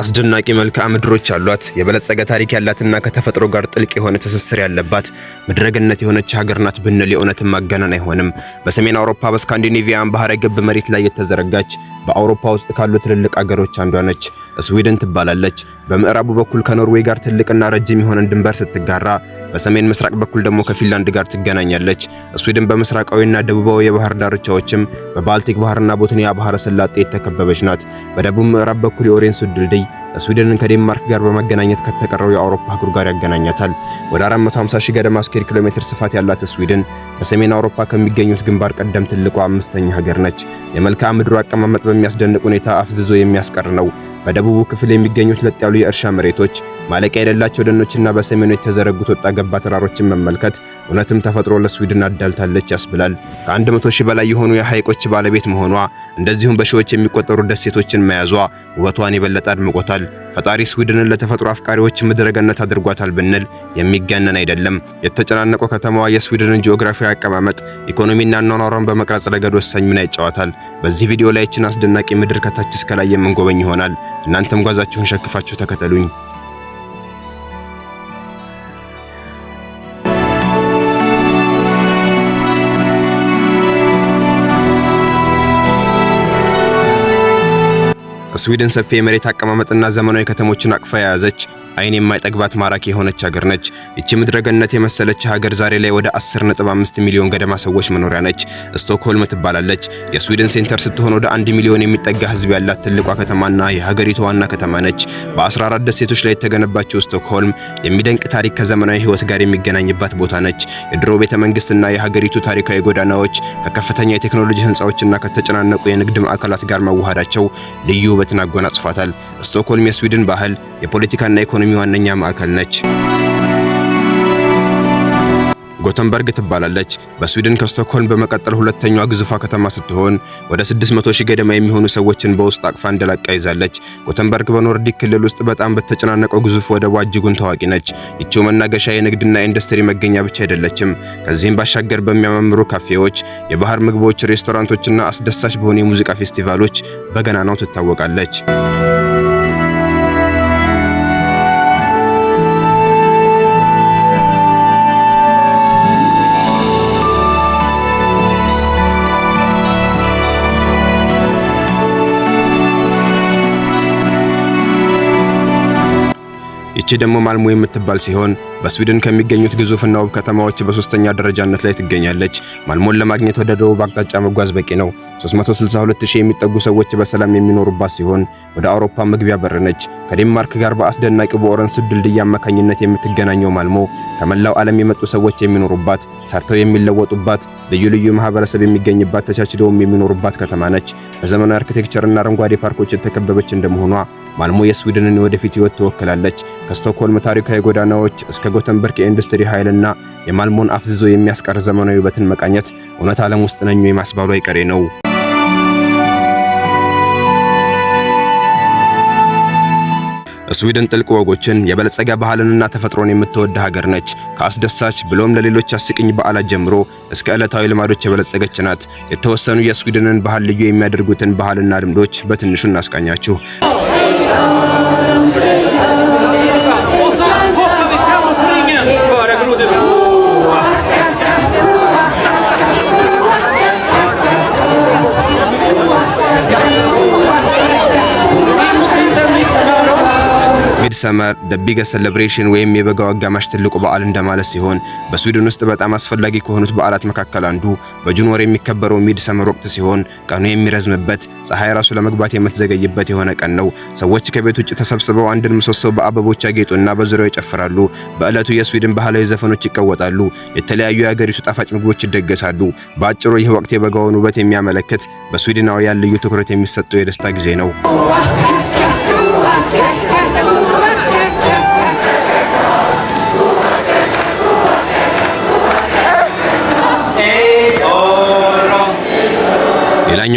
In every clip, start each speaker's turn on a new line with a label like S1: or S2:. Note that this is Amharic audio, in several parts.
S1: አስደናቂ መልክዓ ምድሮች አሏት። የበለጸገ ታሪክ ያላትና ከተፈጥሮ ጋር ጥልቅ የሆነ ትስስር ያለባት ምድረገነት የሆነች ሀገር ናት ብንል የእውነትም ማጋነን አይሆንም። በሰሜን አውሮፓ በስካንዲኔቪያን ባህረ ገብ መሬት ላይ የተዘረጋች በአውሮፓ ውስጥ ካሉ ትልልቅ አገሮች አንዷ ነች። ስዊድን ትባላለች። በምዕራቡ በኩል ከኖርዌይ ጋር ትልቅና ረጅም የሆነን ድንበር ስትጋራ፣ በሰሜን ምስራቅ በኩል ደግሞ ከፊንላንድ ጋር ትገናኛለች። ስዊድን በምስራቃዊና ደቡባዊ የባህር ዳርቻዎችም በባልቲክ ባህርና ቦትኒያ ባህረ ሰላጤ የተከበበች ናት። በደቡብ ምዕራብ በኩል የኦሬንሱ ድልድይ ስዊድንን ከዴንማርክ ጋር በማገናኘት ከተቀረው የአውሮፓ አህጉር ጋር ያገናኛታል። ወደ 450 ሺህ ገደማ ስኩዌር ኪሎ ሜትር ስፋት ያላት ስዊድን በሰሜን አውሮፓ ከሚገኙት ግንባር ቀደም ትልቋ አምስተኛ ሀገር ነች። የመልክዓ ምድሩ አቀማመጥ በሚያስደንቅ ሁኔታ አፍዝዞ የሚያስቀር ነው። በደቡቡ ክፍል የሚገኙ ለጥ ያሉ የእርሻ መሬቶች፣ ማለቂያ የሌላቸው ደኖችና በሰሜኑ የተዘረጉት ወጣ ገባ ተራሮችን መመልከት እውነትም ተፈጥሮ ለስዊድን አዳልታለች ያስብላል። ከ100 ሺህ በላይ የሆኑ የሐይቆች ባለቤት መሆኗ እንደዚሁም በሺዎች የሚቆጠሩ ደሴቶችን መያዟ ውበቷን የበለጠ አድምቆታል። ፈጣሪ ስዊድንን ለተፈጥሮ አፍቃሪዎች ምድረገነት አድርጓታል ብንል የሚጋነን አይደለም። የተጨናነቀው ከተማዋ የስዊድንን ጂኦግራፊያዊ አቀማመጥ፣ ኢኮኖሚና አኗኗሯን በመቅረጽ ረገድ ወሳኝ ሚና ይጫወታል። በዚህ ቪዲዮ ላይችን አስደናቂ ምድር ከታች እስከ ላይ የምንጎበኝ ይሆናል። እናንተም ጓዛችሁን ሸክፋችሁ ተከተሉኝ። ስዊድን ሰፊ የመሬት አቀማመጥና ዘመናዊ ከተሞችን አቅፋ የያዘች አይን የማይጠግባት ማራኪ የሆነች ሀገር ነች። ይቺ ምድረገነት የመሰለች ሀገር ዛሬ ላይ ወደ 10.5 ሚሊዮን ገደማ ሰዎች መኖሪያ ነች። ስቶክሆልም ትባላለች። የስዊድን ሴንተር ስትሆን ወደ 1 ሚሊዮን የሚጠጋ ህዝብ ያላት ትልቋ ከተማና የሀገሪቱ ዋና ከተማ ነች። በ14 ደሴቶች ላይ የተገነባችው ስቶክሆልም የሚደንቅ ታሪክ ከዘመናዊ ህይወት ጋር የሚገናኝባት ቦታ ነች። የድሮ ቤተ መንግስትና የሀገሪቱ ታሪካዊ ጎዳናዎች ከከፍተኛ የቴክኖሎጂ ህንፃዎችና ከተጨናነቁ የንግድ ማዕከላት ጋር መዋሃዳቸው ልዩ ውበትን አጎናጽፏታል። ስቶክሆልም የስዊድን ባህል የፖለቲካና ኢኮኖሚ ዋነኛ ማዕከል ነች። ጎተንበርግ ትባላለች። በስዊድን ከስቶክሆልም በመቀጠል ሁለተኛዋ ግዙፏ ከተማ ስትሆን ወደ 600 ሺህ ገደማ የሚሆኑ ሰዎችን በውስጥ አቅፋ እንደላቀ ይዛለች። ጎተንበርግ በኖርዲክ ክልል ውስጥ በጣም በተጨናነቀው ግዙፍ ወደቧ እጅጉን ታዋቂ ነች። ይቺው መናገሻ የንግድና ኢንዱስትሪ መገኛ ብቻ አይደለችም። ከዚህም ባሻገር በሚያማምሩ ካፌዎች፣ የባህር ምግቦች፣ ሬስቶራንቶችና አስደሳች በሆኑ የሙዚቃ ፌስቲቫሎች በገናናው ትታወቃለች። ይቺ ደግሞ ማልሞ የምትባል ሲሆን በስዊድን ከሚገኙት ግዙፍና ውብ ከተማዎች በሶስተኛ ደረጃነት ላይ ትገኛለች። ማልሞን ለማግኘት ወደ ደቡብ አቅጣጫ መጓዝ በቂ ነው። 362000 የሚጠጉ ሰዎች በሰላም የሚኖሩባት ሲሆን ወደ አውሮፓ መግቢያ በር ነች። ከዴንማርክ ጋር በአስደናቂ በኦረንስድ ድልድይ አማካኝነት የምትገናኘው ማልሞ ከመላው ዓለም የመጡ ሰዎች የሚኖሩባት፣ ሰርተው የሚለወጡባት፣ ልዩ ልዩ ማህበረሰብ የሚገኝባት፣ ተቻችለውም የሚኖሩባት ከተማ ነች። በዘመናዊ አርኪቴክቸርና አረንጓዴ ፓርኮች የተከበበች እንደመሆኗ ማልሞ የስዊድንን የወደፊት ህይወት ትወክላለች። ከስቶክሆልም ታሪካዊ ጎዳናዎች እስከ ጎተንበርግ የኢንዱስትሪ ኃይልና የማልሞን አፍዝዞ የሚያስቀር ዘመናዊ ውበትን መቃኘት እውነት ዓለም ውስጥ ነኙ የማስባሉ አይቀሬ ነው። ስዊድን ጥልቅ ወጎችን የበለጸገ ባህልንና ተፈጥሮን የምትወድ ሀገር ነች። ከአስደሳች ብሎም ለሌሎች አስቂኝ በዓላት ጀምሮ እስከ ዕለታዊ ልማዶች የበለጸገች ናት። የተወሰኑ የስዊድንን ባህል ልዩ የሚያደርጉትን ባህልና ልምዶች በትንሹ እናስቃኛችሁ። ሜድ ሰመር ደ ቢገስ ሴሌብሬሽን ወይም የበጋው አጋማሽ ትልቁ በዓል እንደማለት ሲሆን በስዊድን ውስጥ በጣም አስፈላጊ ከሆኑት በዓላት መካከል አንዱ በጁን ወር የሚከበረው ሜድ ሰመር ወቅት ሲሆን ቀኑ የሚረዝምበት ፀሐይ ራሱ ለመግባት የምትዘገይበት የሆነ ቀን ነው። ሰዎች ከቤት ውጭ ተሰብስበው አንድን ምሰሶ በአበቦች ያጌጡና በዙሪያው ይጨፍራሉ። በዕለቱ የስዊድን ባህላዊ ዘፈኖች ይቀወጣሉ። የተለያዩ የአገሪቱ ጣፋጭ ምግቦች ይደገሳሉ። በአጭሩ ይህ ወቅት የበጋውን ውበት የሚያመለክት በስዊድናውያን ልዩ ትኩረት የሚሰጠው የደስታ ጊዜ ነው።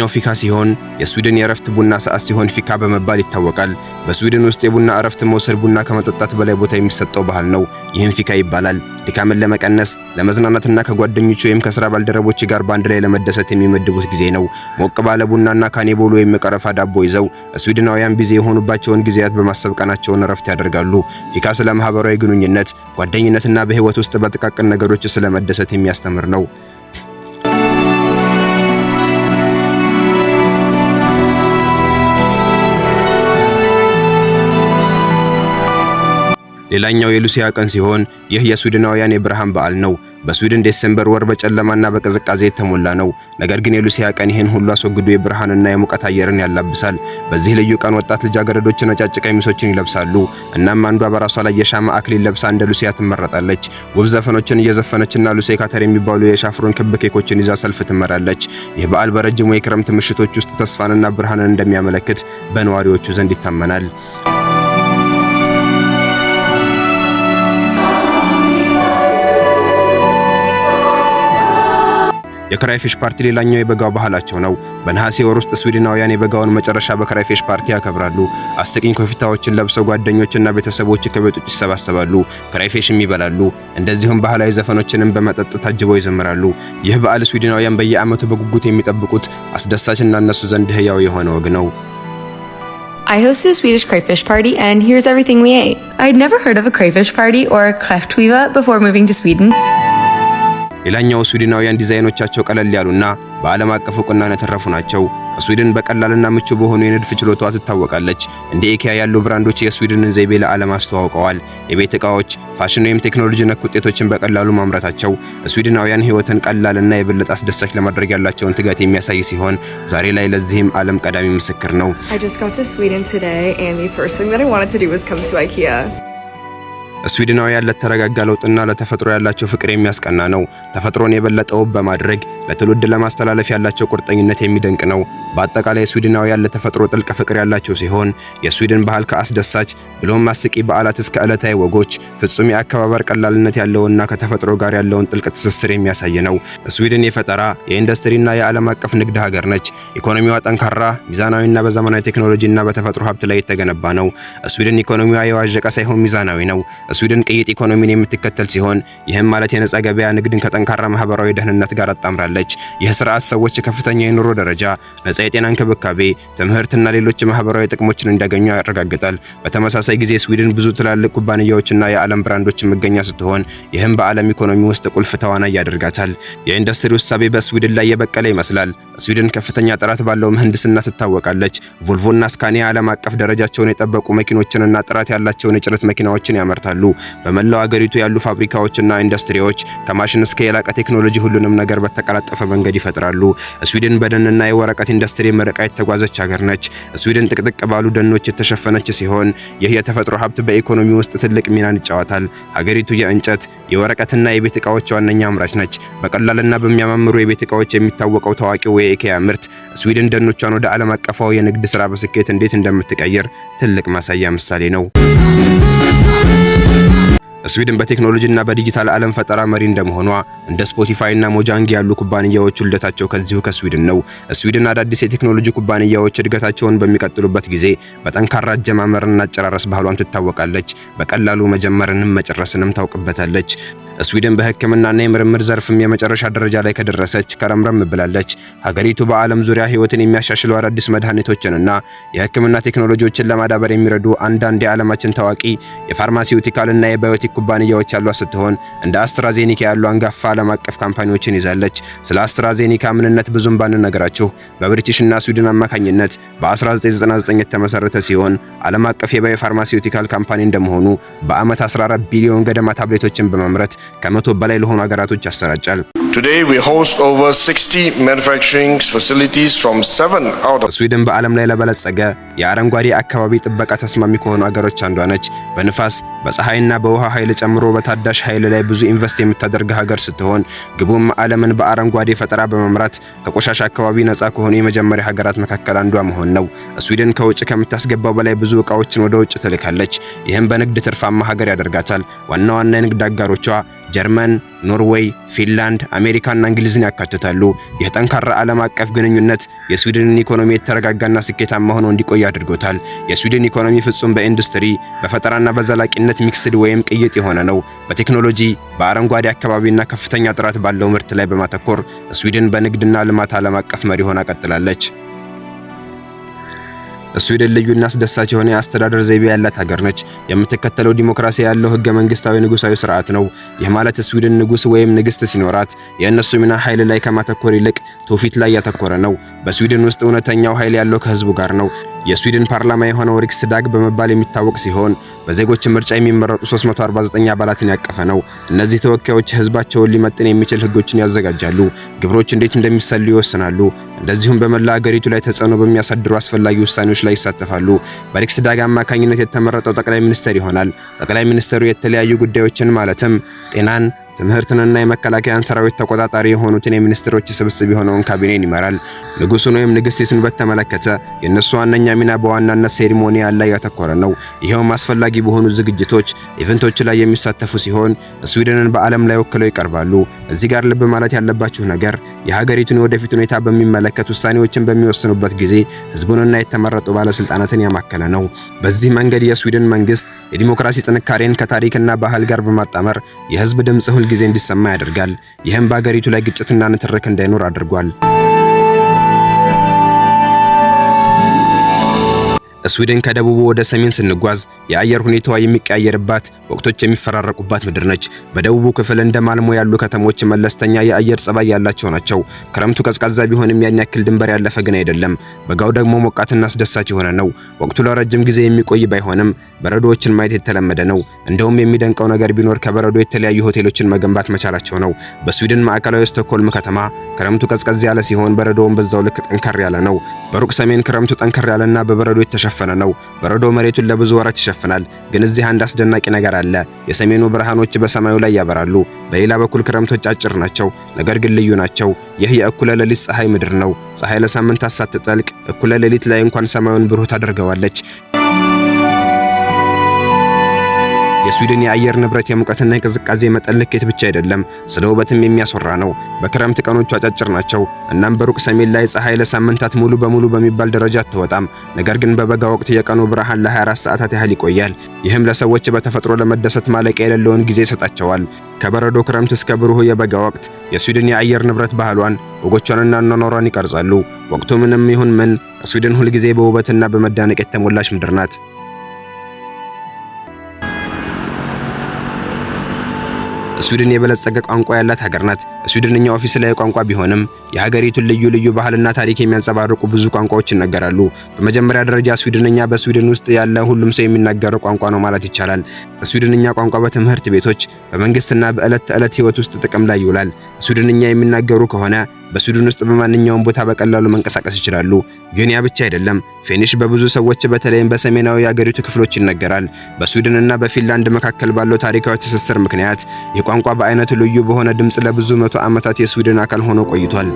S1: ሁለተኛው ፊካ ሲሆን የስዊድን የእረፍት ቡና ሰዓት ሲሆን ፊካ በመባል ይታወቃል። በስዊድን ውስጥ የቡና እረፍት መውሰድ ቡና ከመጠጣት በላይ ቦታ የሚሰጠው ባህል ነው። ይህም ፊካ ይባላል። ድካምን ለመቀነስ ለመዝናናትና ከጓደኞቹ ወይም ከስራ ባልደረቦች ጋር በአንድ ላይ ለመደሰት የሚመድቡት ጊዜ ነው። ሞቅ ባለ ቡናና ካኔቦሎ ወይም ቀረፋ ዳቦ ይዘው ስዊድናውያን ቢዜ የሆኑባቸውን ጊዜያት በማሰብ ቀናቸውን እረፍት ያደርጋሉ። ፊካ ስለ ማህበራዊ ግንኙነት፣ ጓደኝነትና በህይወት ውስጥ በጥቃቅን ነገሮች ስለመደሰት የሚያስተምር ነው። ሌላኛው የሉሲያ ቀን ሲሆን ይህ የስዊድናውያን የብርሃን በዓል ነው። በስዊድን ዴሴምበር ወር በጨለማና በቅዝቃዜ የተሞላ ነው። ነገር ግን የሉሲያ ቀን ይህን ሁሉ አስወግዶ የብርሃንና የሙቀት አየርን ያላብሳል። በዚህ ልዩ ቀን ወጣት ልጃገረዶች ነጫጭ ቀሚሶችን ይለብሳሉ። እናም አንዷ በራሷ ላይ የሻማ አክሊል ለብሳ እንደ ሉሲያ ትመረጣለች። ውብ ዘፈኖችን እየዘፈነችና ሉሴ ካተር የሚባሉ የሻፍሮን ክብ ኬኮችን ይዛ ሰልፍ ትመራለች። ይህ በዓል በረጅሙ የክረምት ምሽቶች ውስጥ ተስፋንና ብርሃንን እንደሚያመለክት በነዋሪዎቹ ዘንድ ይታመናል። የክራይፊሽ ፓርቲ ሌላኛው የበጋው ባህላቸው ነው። በነሐሴ ወር ውስጥ ስዊድናውያን የበጋውን መጨረሻ በክራይፊሽ ፓርቲ ያከብራሉ። አስቂኝ ኮፊታዎችን ለብሰው ጓደኞችና ቤተሰቦች ከቤት ውጭ ይሰባሰባሉ፣ ክራይፊሽም ይበላሉ። እንደዚሁም ባህላዊ ዘፈኖችንም በመጠጥ ታጅበው ይዘምራሉ። ይህ በዓል ስዊድናውያን በየዓመቱ በጉጉት የሚጠብቁት አስደሳችና እነሱ ዘንድ ህያው የሆነ ወግ ነው።
S2: I hosted a Swedish crayfish party and here's everything we ate. I'd never heard of a crayfish party or a kräftskiva before moving to Sweden.
S1: ሌላኛው ስዊድናውያን ዲዛይኖቻቸው ቀለል ያሉና በዓለም አቀፍ እውቅናን ያተረፉ ናቸው። ስዊድን በቀላልና ምቹ በሆኑ የንድፍ ችሎታዋ ትታወቃለች። እንደ ኢኪያ ያሉ ብራንዶች የስዊድንን ዘይቤ ለዓለም አስተዋውቀዋል። የቤት ዕቃዎች፣ ፋሽን ወይም ቴክኖሎጂ ነክ ውጤቶችን በቀላሉ ማምረታቸው ስዊድናውያን ሕይወትን ቀላልና የበለጠ አስደሳች ለማድረግ ያላቸውን ትጋት የሚያሳይ ሲሆን ዛሬ ላይ ለዚህም ዓለም ቀዳሚ ምስክር ነው። ስዊድናውያን ለተረጋጋ ለውጥና ለተፈጥሮ ያላቸው ፍቅር የሚያስቀና ነው። ተፈጥሮን የበለጠ ውብ በማድረግ ለትውልድ ለማስተላለፍ ያላቸው ቁርጠኝነት የሚደንቅ ነው። በአጠቃላይ ስዊድናውያን ለተፈጥሮ ጥልቅ ፍቅር ያላቸው ሲሆን የስዊድን ባህል ከአስደሳች ብሎም አስቂ በዓላት እስከ ዕለታዊ ወጎች ፍጹም የአከባበር ቀላልነት ያለውና ከተፈጥሮ ጋር ያለውን ጥልቅ ትስስር የሚያሳይ ነው። ስዊድን የፈጠራ የኢንዱስትሪና የዓለም አቀፍ ንግድ ሀገር ነች። ኢኮኖሚዋ ጠንካራ፣ ሚዛናዊና በዘመናዊ ቴክኖሎጂና በተፈጥሮ ሀብት ላይ የተገነባ ነው። ስዊድን ኢኮኖሚዋ የዋዠቀ ሳይሆን ሚዛናዊ ነው። ስዊድን ቅይጥ ኢኮኖሚን የምትከተል ሲሆን ይህም ማለት የነጻ ገበያ ንግድን ከጠንካራ ማህበራዊ ደህንነት ጋር አጣምራለች። ይህ ስርዓት ሰዎች ከፍተኛ የኑሮ ደረጃ፣ ነጻ የጤና እንክብካቤ፣ ትምህርትና ሌሎች ማህበራዊ ጥቅሞችን እንዲያገኙ ያረጋግጣል። በተመሳሳይ ጊዜ ስዊድን ብዙ ትላልቅ ኩባንያዎችና የዓለም ብራንዶች መገኛ ስትሆን ይህም በዓለም ኢኮኖሚ ውስጥ ቁልፍ ተዋናይ ያደርጋታል። የኢንዱስትሪ ውሳቤ በስዊድን ላይ የበቀለ ይመስላል። ስዊድን ከፍተኛ ጥራት ባለው ምህንድስና ትታወቃለች። ቮልቮና ስካኒያ ዓለም አቀፍ ደረጃቸውን የጠበቁ መኪኖችንና ጥራት ያላቸውን የጭነት መኪናዎችን ያመርታሉ። ይሰራሉ። በመላው አገሪቱ ያሉ ፋብሪካዎችና ኢንዱስትሪዎች ከማሽን እስከ የላቀ ቴክኖሎጂ ሁሉንም ነገር በተቀላጠፈ መንገድ ይፈጥራሉ። ስዊድን በደንና የወረቀት ኢንዱስትሪ ምርቃ የተጓዘች ሀገር ነች። ስዊድን ጥቅጥቅ ባሉ ደኖች የተሸፈነች ሲሆን ይህ የተፈጥሮ ሀብት በኢኮኖሚ ውስጥ ትልቅ ሚናን ይጫወታል። ሀገሪቱ የእንጨት የወረቀትና የቤት እቃዎች ዋነኛ አምራች ነች። በቀላልና በሚያማምሩ የቤት እቃዎች የሚታወቀው ታዋቂው የኢኬያ ምርት ስዊድን ደኖቿን ወደ ዓለም አቀፋዊ የንግድ ስራ በስኬት እንዴት እንደምትቀይር ትልቅ ማሳያ ምሳሌ ነው። ስዊድን በቴክኖሎጂና በዲጂታል ዓለም ፈጠራ መሪ እንደመሆኗ እንደ ስፖቲፋይ እና ሞጃንግ ያሉ ኩባንያዎች ውልደታቸው ከዚሁ ከስዊድን ነው። ስዊድን አዳዲስ የቴክኖሎጂ ኩባንያዎች እድገታቸውን በሚቀጥሉበት ጊዜ በጠንካራ አጀማመርና አጨራረስ ባህሏም ትታወቃለች። በቀላሉ መጀመርንም መጨረስንም ታውቅበታለች። ስዊድን በሕክምናና የምርምር ዘርፍም የመጨረሻ ደረጃ ላይ ከደረሰች ከረምረም ብላለች። ሀገሪቱ በዓለም ዙሪያ ሕይወትን የሚያሻሽሉ አዳዲስ መድኃኒቶችንና የሕክምና ቴክኖሎጂዎችን ለማዳበር የሚረዱ አንዳንድ የዓለማችን ታዋቂ የፋርማሲውቲካልና የባዮቲክ ኩባንያዎች ያሏት ስትሆን እንደ አስትራዜኒካ ያሉ አንጋፋ ዓለም አቀፍ ካምፓኒዎችን ይዛለች። ስለ አስትራዜኒካ ምንነት ብዙም ባንነግራችሁ በብሪቲሽና ስዊድን አማካኝነት በ1999 የተመሰረተ ሲሆን ዓለም አቀፍ የባዮፋርማሲውቲካል ካምፓኒ እንደመሆኑ በዓመት 14 ቢሊዮን ገደማ ታብሌቶችን በማምረት ከመቶ በላይ ለሆኑ ሀገራቶች ያሰራጫል። ስዊድን በዓለም ላይ ለበለጸገ የአረንጓዴ አካባቢ ጥበቃ ተስማሚ ከሆኑ አገሮች አንዷ ነች። በንፋስ በፀሐይና በውሃ ኃይል ጨምሮ በታዳሽ ኃይል ላይ ብዙ ኢንቨስት የምታደርግ ሀገር ስትሆን ግቡም ዓለምን በአረንጓዴ ፈጠራ በመምራት ከቆሻሻ አካባቢ ነፃ ከሆኑ የመጀመሪያ ሀገራት መካከል አንዷ መሆን ነው። ስዊድን ከውጭ ከምታስገባው በላይ ብዙ እቃዎችን ወደ ውጭ ትልካለች። ይህም በንግድ ትርፋማ ሀገር ያደርጋታል። ዋና ዋና የንግድ አጋሮቿ ጀርመን፣ ኖርዌይ፣ ፊንላንድ፣ አሜሪካና እንግሊዝን ያካትታሉ። ይህ ጠንካራ ዓለም አቀፍ ግንኙነት የስዊድንን ኢኮኖሚ የተረጋጋና ስኬታማ ሆኖ እንዲቆይ አድርጎታል። የስዊድን ኢኮኖሚ ፍጹም በኢንዱስትሪ በፈጠራና በዘላቂነት ሚክስድ ወይም ቅይጥ የሆነ ነው። በቴክኖሎጂ በአረንጓዴ አካባቢና ከፍተኛ ጥራት ባለው ምርት ላይ በማተኮር ስዊድን በንግድና ልማት ዓለም አቀፍ መሪ ሆና ቀጥላለች። ስዊድን ልዩና አስደሳች የሆነ የአስተዳደር ዘይቤ ያላት ሀገር ነች። የምትከተለው ዲሞክራሲ ያለው ህገ መንግስታዊ ንጉሳዊ ስርዓት ነው። ይህ ማለት ስዊድን ንጉስ ወይም ንግስት ሲኖራት የእነሱ ሚና ኃይል ላይ ከማተኮር ይልቅ ትውፊት ላይ ያተኮረ ነው። በስዊድን ውስጥ እውነተኛው ኃይል ያለው ከህዝቡ ጋር ነው። የስዊድን ፓርላማ የሆነው ሪክስዳግ በመባል የሚታወቅ ሲሆን በዜጎች ምርጫ የሚመረጡ 349 አባላትን ያቀፈ ነው። እነዚህ ተወካዮች ህዝባቸውን ሊመጥን የሚችል ህጎችን ያዘጋጃሉ፣ ግብሮች እንዴት እንደሚሰሉ ይወስናሉ፣ እንደዚሁም በመላ ሀገሪቱ ላይ ተጽዕኖ በሚያሳድሩ አስፈላጊ ውሳኔዎች ላይ ይሳተፋሉ። ዳጋ አማካኝነት የተመረጠው ጠቅላይ ሚኒስትር ይሆናል። ጠቅላይ ሚኒስትሩ የተለያዩ ጉዳዮችን ማለትም ጤናን ትምህርትንና የመከላከያን ሰራዊት ተቆጣጣሪ የሆኑትን የሚኒስትሮች ስብስብ የሆነውን ካቢኔን ይመራል። ንጉሱን ወይም ንግስቲቱን በተመለከተ የእነሱ ዋነኛ ሚና በዋናነት ሴሪሞኒያል ላይ ያተኮረ ነው። ይኸውም አስፈላጊ በሆኑ ዝግጅቶች፣ ኢቨንቶች ላይ የሚሳተፉ ሲሆን ስዊድንን በዓለም ላይ ወክለው ይቀርባሉ። እዚህ ጋር ልብ ማለት ያለባችሁ ነገር የሀገሪቱን የወደፊት ሁኔታ በሚመለከት ውሳኔዎችን በሚወስኑበት ጊዜ ህዝቡንና የተመረጡ ባለስልጣናትን ያማከለ ነው። በዚህ መንገድ የስዊድን መንግስት የዲሞክራሲ ጥንካሬን ከታሪክና ባህል ጋር በማጣመር የህዝብ ድምፅ ሁልጊዜ እንዲሰማ ያደርጋል። ይህም በአገሪቱ ላይ ግጭትና ንትርክ እንዳይኖር አድርጓል። ስዊድን ከደቡቡ ወደ ሰሜን ስንጓዝ የአየር ሁኔታዋ የሚቀያየርባት ወቅቶች የሚፈራረቁባት ምድር ነች። በደቡቡ ክፍል እንደ ማልሞ ያሉ ከተሞች መለስተኛ የአየር ጸባይ ያላቸው ናቸው። ክረምቱ ቀዝቃዛ ቢሆንም ያን ያክል ድንበር ያለፈ ግን አይደለም። በጋው ደግሞ ሞቃትና አስደሳች የሆነ ነው። ወቅቱ ለረጅም ጊዜ የሚቆይ ባይሆንም በረዶዎችን ማየት የተለመደ ነው። እንደውም የሚደንቀው ነገር ቢኖር ከበረዶ የተለያዩ ሆቴሎችን መገንባት መቻላቸው ነው። በስዊድን ማዕከላዊ ስቶክሆልም ከተማ ክረምቱ ቀዝቀዝ ያለ ሲሆን፣ በረዶውን በዛው ልክ ጠንከር ያለ ነው። በሩቅ ሰሜን ክረምቱ ጠንከር ያለና በበረዶ የተሸፈ የተሸፈነ ነው። በረዶ መሬቱን ለብዙ ወራት ይሸፍናል። ግን እዚህ አንድ አስደናቂ ነገር አለ። የሰሜኑ ብርሃኖች በሰማዩ ላይ ያበራሉ። በሌላ በኩል ክረምቶች አጭር ናቸው፣ ነገር ግን ልዩ ናቸው። ይህ የእኩለ ሌሊት ፀሐይ ምድር ነው። ፀሐይ ለሳምንታት ሳትጠልቅ እኩለ ሌሊት ላይ እንኳን ሰማዩን ብሩህ ታደርገዋለች። የስዊድን የአየር ንብረት የሙቀትና የቅዝቃዜ መጠን ልኬት ብቻ አይደለም፣ ስለ ውበትም የሚያስወራ ነው። በክረምት ቀኖቹ አጫጭር ናቸው። እናም በሩቅ ሰሜን ላይ ፀሐይ ለሳምንታት ሙሉ በሙሉ በሚባል ደረጃ አትወጣም። ነገር ግን በበጋ ወቅት የቀኑ ብርሃን ለ24 ሰዓታት ያህል ይቆያል። ይህም ለሰዎች በተፈጥሮ ለመደሰት ማለቂያ የሌለውን ጊዜ ይሰጣቸዋል። ከበረዶ ክረምት እስከ ብሩህ የበጋ ወቅት የስዊድን የአየር ንብረት ባህሏን፣ ወጎቿንና አኗኗሯን ይቀርጻሉ። ወቅቱ ምንም ይሁን ምን ስዊድን ሁልጊዜ በውበትና በመደነቅ የተሞላች ምድር ናት። ስዊድን የበለጸገ ቋንቋ ያላት ሀገር ናት። ስዊድንኛ ኦፊሴላዊ ቋንቋ ቢሆንም የሀገሪቱን ልዩ ልዩ ባህልና ታሪክ የሚያንጸባርቁ ብዙ ቋንቋዎች ይነገራሉ። በመጀመሪያ ደረጃ ስዊድንኛ በስዊድን ውስጥ ያለ ሁሉም ሰው የሚናገረው ቋንቋ ነው ማለት ይቻላል። ስዊድንኛ ቋንቋ በትምህርት ቤቶች፣ በመንግስትና በዕለት ተዕለት ህይወት ውስጥ ጥቅም ላይ ይውላል። ስዊድንኛ የሚናገሩ ከሆነ በሱዳን ውስጥ በማንኛውም ቦታ በቀላሉ መንቀሳቀስ ይችላሉ። ግን ያ ብቻ አይደለም። ፊኒሽ በብዙ ሰዎች በተለይም በሰሜናዊ የአገሪቱ ክፍሎች ይነገራል። በሱዳን እና በፊንላንድ መካከል ባለው ታሪካዊ ትስስር ምክንያት የቋንቋ በአይነቱ ልዩ በሆነ ድምፅ ለብዙ መቶ ዓመታት የስዊድን አካል ሆኖ ቆይቷል።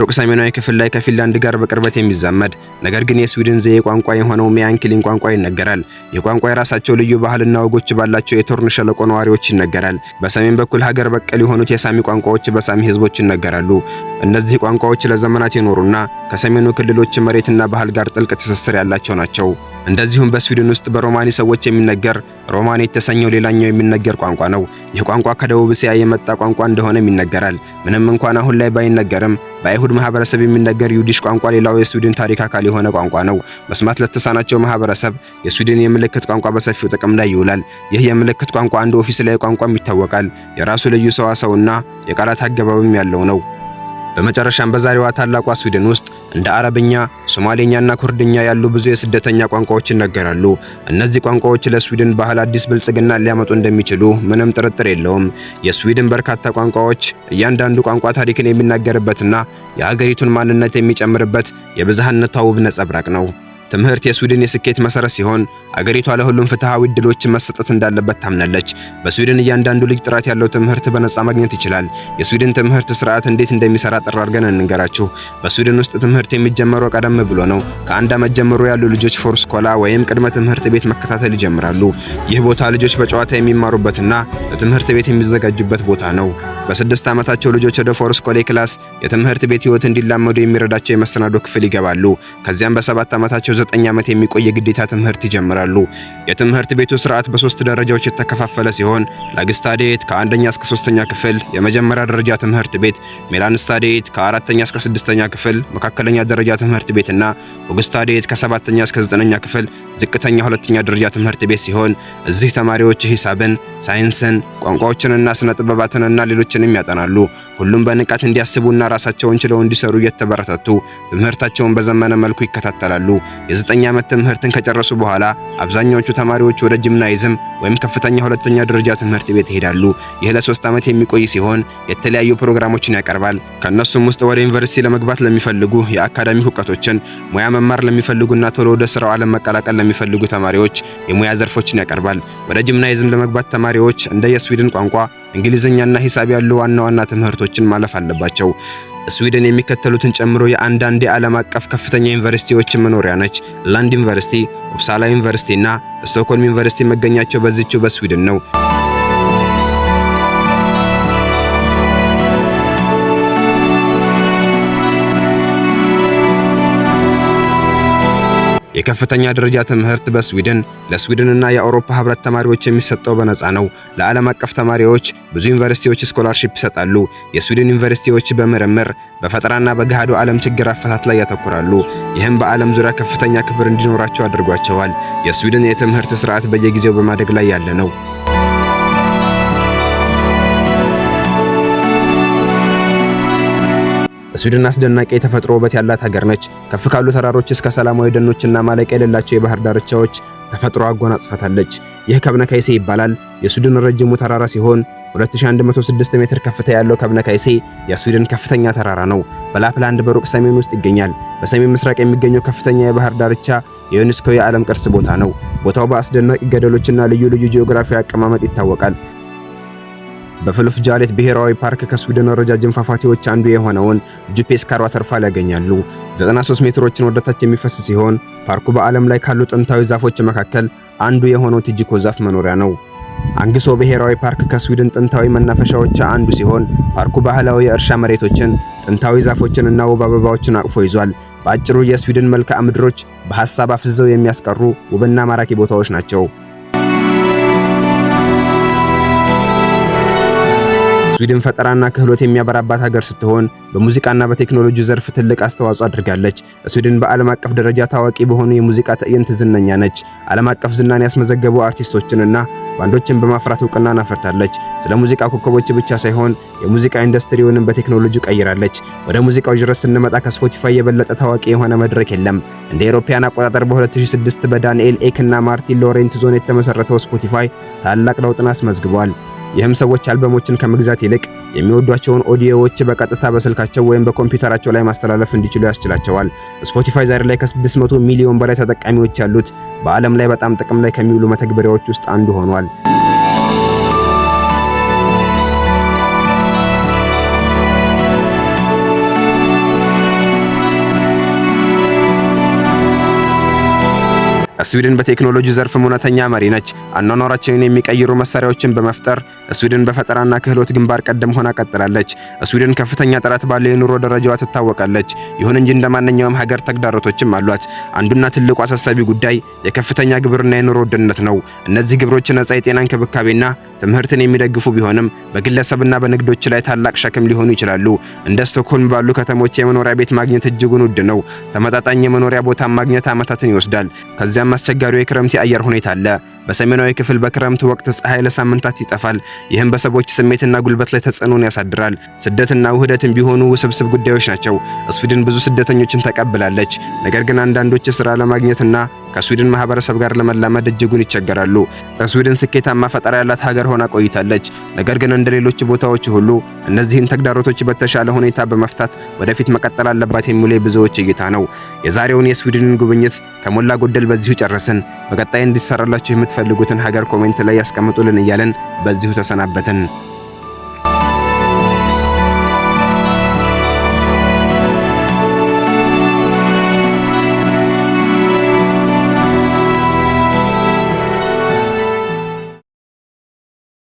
S1: በሩቅ ሰሜናዊ ክፍል ላይ ከፊንላንድ ጋር በቅርበት የሚዛመድ ነገር ግን የስዊድን ዘዬ ቋንቋ የሆነው ሚያንኪሊን ቋንቋ ይነገራል። ይህ ቋንቋ የራሳቸው ልዩ ባህልና ወጎች ባላቸው የቶርን ሸለቆ ነዋሪዎች ይነገራል። በሰሜን በኩል ሀገር በቀል የሆኑት የሳሚ ቋንቋዎች በሳሚ ህዝቦች ይነገራሉ። እነዚህ ቋንቋዎች ለዘመናት የኖሩና ከሰሜኑ ክልሎች መሬትና ባህል ጋር ጥልቅ ትስስር ያላቸው ናቸው። እንደዚሁም በስዊድን ውስጥ በሮማኒ ሰዎች የሚነገር ሮማኒ የተሰኘው ሌላኛው የሚነገር ቋንቋ ነው። ይህ ቋንቋ ከደቡብ እስያ የመጣ ቋንቋ እንደሆነም ይነገራል። ምንም እንኳን አሁን ላይ ባይነገርም በአይሁድ ማህበረሰብ የሚነገር ዩዲሽ ቋንቋ ሌላው የስዊድን ታሪክ አካል የሆነ ቋንቋ ነው። መስማት ለተሳናቸው ማህበረሰብ የስዊድን የምልክት ቋንቋ በሰፊው ጥቅም ላይ ይውላል። ይህ የምልክት ቋንቋ አንድ ላይ ቋንቋም ይታወቃል። የራሱ ልዩ ሰዋሰውና የቃላት አገባብም ያለው ነው። በመጨረሻም በዛሬዋ ታላቋ ስዊድን ውስጥ እንደ አረብኛ፣ ሶማሌኛና ኩርድኛ ያሉ ብዙ የስደተኛ ቋንቋዎች ይነገራሉ። እነዚህ ቋንቋዎች ለስዊድን ባህል አዲስ ብልጽግና ሊያመጡ እንደሚችሉ ምንም ጥርጥር የለውም። የስዊድን በርካታ ቋንቋዎች እያንዳንዱ ቋንቋ ታሪክን የሚናገርበትና የሀገሪቱን ማንነት የሚጨምርበት የብዝሃነት ውብ ነጸብራቅ ነው። ትምህርት የስዊድን የስኬት መሰረት ሲሆን አገሪቷ ለሁሉም ፍትሃዊ እድሎች መሰጠት እንዳለበት ታምናለች። በስዊድን እያንዳንዱ ልጅ ጥራት ያለው ትምህርት በነጻ ማግኘት ይችላል። የስዊድን ትምህርት ስርዓት እንዴት እንደሚሰራ ጥር አድርገን እንንገራችሁ። በስዊድን ውስጥ ትምህርት የሚጀመረው ቀደም ብሎ ነው። ከአንድ ዓመት ጀምሮ ያሉ ልጆች ፎርስኮላ ወይም ቅድመ ትምህርት ቤት መከታተል ይጀምራሉ። ይህ ቦታ ልጆች በጨዋታ የሚማሩበትና ለትምህርት ቤት የሚዘጋጁበት ቦታ ነው። በስድስት ዓመታቸው ልጆች ወደ ፎርስኮሌ ክላስ የትምህርት ቤት ህይወት እንዲላመዱ የሚረዳቸው የመሰናዶ ክፍል ይገባሉ። ከዚያም በሰባት ዓመታቸው ዘጠኝ ዓመት የሚቆይ የግዴታ ትምህርት ይጀምራሉ። የትምህርት ቤቱ ስርዓት በሶስት ደረጃዎች የተከፋፈለ ሲሆን ለግስታዴት ከአንደኛ እስከ ሶስተኛ ክፍል የመጀመሪያ ደረጃ ትምህርት ቤት፣ ሜላንስታዴት ከአራተኛ እስከ ስድስተኛ ክፍል መካከለኛ ደረጃ ትምህርት እና ኦግስታዴት ከሰባተኛ እስከ ዘጠነኛ ክፍል ዝቅተኛ ሁለተኛ ደረጃ ትምህርት ቤት ሲሆን እዚህ ተማሪዎች ሂሳብን፣ ሳይንስን፣ ቋንቋዎችንና ስነ ጥበባትንና ሌሎችንም ያጠናሉ። ሁሉም በንቃት እንዲያስቡና ራሳቸውን ችለው እንዲሰሩ እየተበረታቱ ትምህርታቸውን በዘመነ መልኩ ይከታተላሉ። የዘጠኝ ዓመት ትምህርትን ከጨረሱ በኋላ አብዛኛዎቹ ተማሪዎች ወደ ጂምናይዝም ወይም ከፍተኛ ሁለተኛ ደረጃ ትምህርት ቤት ይሄዳሉ። ይህ ለሶስት ዓመት የሚቆይ ሲሆን የተለያዩ ፕሮግራሞችን ያቀርባል። ከእነሱም ውስጥ ወደ ዩኒቨርሲቲ ለመግባት ለሚፈልጉ የአካዳሚክ እውቀቶችን፣ ሙያ መማር ለሚፈልጉና ቶሎ ወደ ስራው ዓለም መቀላቀል ለሚፈልጉ ተማሪዎች የሙያ ዘርፎችን ያቀርባል። ወደ ጂምናይዝም ለመግባት ተማሪዎች እንደ የስዊድን ቋንቋ፣ እንግሊዝኛና ሂሳብ ያሉ ዋና ዋና ትምህርቶችን ማለፍ አለባቸው። ስዊድን የሚከተሉትን ጨምሮ የአንዳንድ የዓለም አቀፍ ከፍተኛ ዩኒቨርሲቲዎች መኖሪያ ነች። ላንድ ዩኒቨርሲቲ፣ ኡፕሳላ ዩኒቨርሲቲ እና ስቶክሆልም ዩኒቨርሲቲ መገኛቸው በዚችው በስዊድን ነው። የከፍተኛ ደረጃ ትምህርት በስዊድን ለስዊድንና የአውሮፓ ህብረት ተማሪዎች የሚሰጠው በነፃ ነው። ለዓለም አቀፍ ተማሪዎች ብዙ ዩኒቨርሲቲዎች ስኮላርሺፕ ይሰጣሉ። የስዊድን ዩኒቨርሲቲዎች በምርምር በፈጠራና በገሃዱ ዓለም ችግር አፈታት ላይ ያተኩራሉ። ይህም በዓለም ዙሪያ ከፍተኛ ክብር እንዲኖራቸው አድርጓቸዋል። የስዊድን የትምህርት ስርዓት በየጊዜው በማደግ ላይ ያለ ነው። ስዊድን አስደናቂ የተፈጥሮ ውበት ያላት ሀገር ነች። ከፍ ካሉ ተራሮች እስከ ሰላማዊ ደኖችና ማለቂያ የሌላቸው የባህር ዳርቻዎች ተፈጥሮ አጎናጽፈታለች። ይህ ከብነካይሴ ይባላል። የስዊድን ረጅሙ ተራራ ሲሆን 2106 ሜትር ከፍታ ያለው ከብነካይሴ የስዊድን ከፍተኛ ተራራ ነው። በላፕላንድ በሩቅ ሰሜን ውስጥ ይገኛል። በሰሜን ምስራቅ የሚገኘው ከፍተኛ የባህር ዳርቻ የዩኔስኮ የዓለም ቅርስ ቦታ ነው። ቦታው በአስደናቂ ገደሎችና ልዩ ልዩ ጂኦግራፊያዊ አቀማመጥ ይታወቃል። በፍልፍጃሌት ብሔራዊ ፓርክ ከስዊድን ረጃጅም ፏፏቴዎች አንዱ የሆነውን ጁፔስካር ዋተርፋል ያገኛሉ። 93 ሜትሮችን ወደታች የሚፈስ ሲሆን ፓርኩ በዓለም ላይ ካሉ ጥንታዊ ዛፎች መካከል አንዱ የሆነው ቲጂኮ ዛፍ መኖሪያ ነው። አንግሶ ብሔራዊ ፓርክ ከስዊድን ጥንታዊ መናፈሻዎች አንዱ ሲሆን ፓርኩ ባህላዊ የእርሻ መሬቶችን፣ ጥንታዊ ዛፎችን እና ውብ አበባዎችን አቅፎ ይዟል። በአጭሩ የስዊድን መልክዓ ምድሮች በሐሳብ አፍዝዘው የሚያስቀሩ ውብና ማራኪ ቦታዎች ናቸው። ስዊድን ፈጠራና ክህሎት የሚያበራባት ሀገር ስትሆን በሙዚቃና በቴክኖሎጂ ዘርፍ ትልቅ አስተዋጽኦ አድርጋለች። ስዊድን በዓለም አቀፍ ደረጃ ታዋቂ በሆኑ የሙዚቃ ትዕይንት ዝነኛ ነች። ዓለም አቀፍ ዝናን ያስመዘገቡ አርቲስቶችንና ባንዶችን በማፍራት እውቅና አፈርታለች። ስለ ሙዚቃ ኮከቦች ብቻ ሳይሆን የሙዚቃ ኢንዱስትሪውንም በቴክኖሎጂ ቀይራለች። ወደ ሙዚቃው ጅረት ስንመጣ ከስፖቲፋይ የበለጠ ታዋቂ የሆነ መድረክ የለም። እንደ ኤሮፓያን አቆጣጠር በ2006 በዳንኤል ኤክ እና ማርቲን ሎሬንት ዞን የተመሰረተው ስፖቲፋይ ታላቅ ለውጥን አስመዝግቧል። ይህም ሰዎች አልበሞችን ከመግዛት ይልቅ የሚወዷቸውን ኦዲዮዎች በቀጥታ በስልካቸው ወይም በኮምፒውተራቸው ላይ ማስተላለፍ እንዲችሉ ያስችላቸዋል። ስፖቲፋይ ዛሬ ላይ ከ600 ሚሊዮን በላይ ተጠቃሚዎች ያሉት በዓለም ላይ በጣም ጥቅም ላይ ከሚውሉ መተግበሪያዎች ውስጥ አንዱ ሆኗል። ስዊድን በቴክኖሎጂ ዘርፍ እውነተኛ መሪ ነች። አኗኗራችንን የሚቀይሩ መሳሪያዎችን በመፍጠር ስዊድን በፈጠራና ክህሎት ግንባር ቀደም ሆና ቀጥላለች። ስዊድን ከፍተኛ ጥራት ባለው የኑሮ ደረጃዋ ትታወቃለች። ይሁን እንጂ እንደ ማንኛውም ሀገር ተግዳሮቶችም አሏት። አንዱና ትልቁ አሳሳቢ ጉዳይ የከፍተኛ ግብርና የኑሮ ውድነት ነው። እነዚህ ግብሮች ነጻ የጤና እንክብካቤና ትምህርትን የሚደግፉ ቢሆንም በግለሰብና በንግዶች ላይ ታላቅ ሸክም ሊሆኑ ይችላሉ። እንደ ስቶክሆልም ባሉ ከተሞች የመኖሪያ ቤት ማግኘት እጅጉን ውድ ነው። ተመጣጣኝ የመኖሪያ ቦታ ማግኘት ዓመታትን ይወስዳል። ከዚያም አስቸጋሪው የክረምት የአየር ሁኔታ አለ። በሰሜናዊ ክፍል በክረምት ወቅት ፀሐይ ለሳምንታት ይጠፋል። ይህም በሰዎች ስሜትና ጉልበት ላይ ተጽዕኖን ያሳድራል። ስደትና ውህደትን ቢሆኑ ውስብስብ ጉዳዮች ናቸው። ስዊድን ብዙ ስደተኞችን ተቀብላለች። ነገር ግን አንዳንዶች ስራ ለማግኘትና ከስዊድን ማህበረሰብ ጋር ለመላመድ እጅጉን ይቸገራሉ። ስዊድን ስኬታማ ፈጠራ ያላት ሀገር ሆና ቆይታለች። ነገር ግን እንደ ሌሎች ቦታዎች ሁሉ እነዚህን ተግዳሮቶች በተሻለ ሁኔታ በመፍታት ወደፊት መቀጠል አለባት የሚሉ የብዙዎች እይታ ነው። የዛሬውን የስዊድንን ጉብኝት ከሞላ ጎደል በዚሁ ጨረስን። በቀጣይ እንዲሰራላችሁ የምትፈ የምትፈልጉትን ሀገር ኮሜንት ላይ ያስቀምጡልን እያለን በዚሁ ተሰናበትን።